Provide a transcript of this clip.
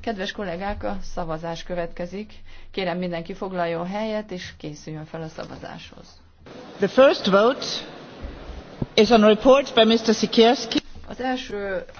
Kedves kollégák, a szavazás következik. Kérem mindenki foglaljon helyet és készüljön fel a szavazáshoz. The first vote is on report by Mr. Sikierski. Az első